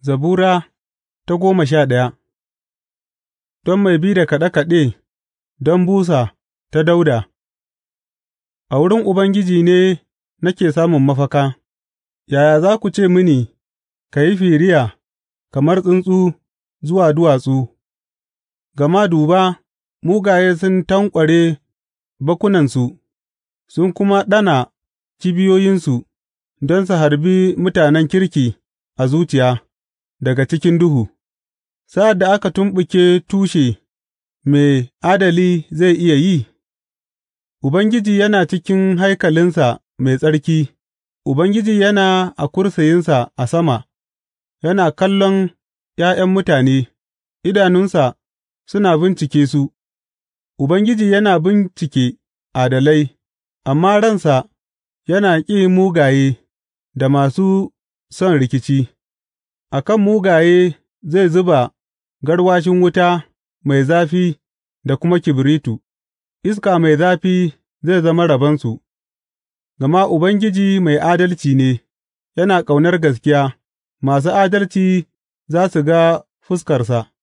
Zabura ta goma sha ɗaya Don mai bi da kaɗe kaɗe don busa ta Dauda A wurin Ubangiji ne nake samun mafaka, yaya za ku ce mini, Ka yi firiya kamar tsuntsu zuwa duwatsu, gama duba, mugaye sun tanƙware bakunansu sun kuma ɗana kibiyoyinsu don su harbi mutanen kirki a zuciya. daga cikin duhu, sa'ad da aka tumɓuke tushe, mai adali zai iya yi? Ubangiji yana cikin haikalinsa mai tsarki, Ubangiji yana a kursiyinsa a sama, yana kallon ’ya'yan mutane, idanunsa suna bincike su, Ubangiji yana bincike adalai, amma ransa yana ƙi mugaye da masu son rikici. A kan mugaye zai zuba garwashin wuta mai zafi da kuma kibiritu; iska mai zafi zai zama rabonsu, gama Ubangiji mai adalci ne, yana ƙaunar gaskiya; masu adalci za su ga fuskarsa.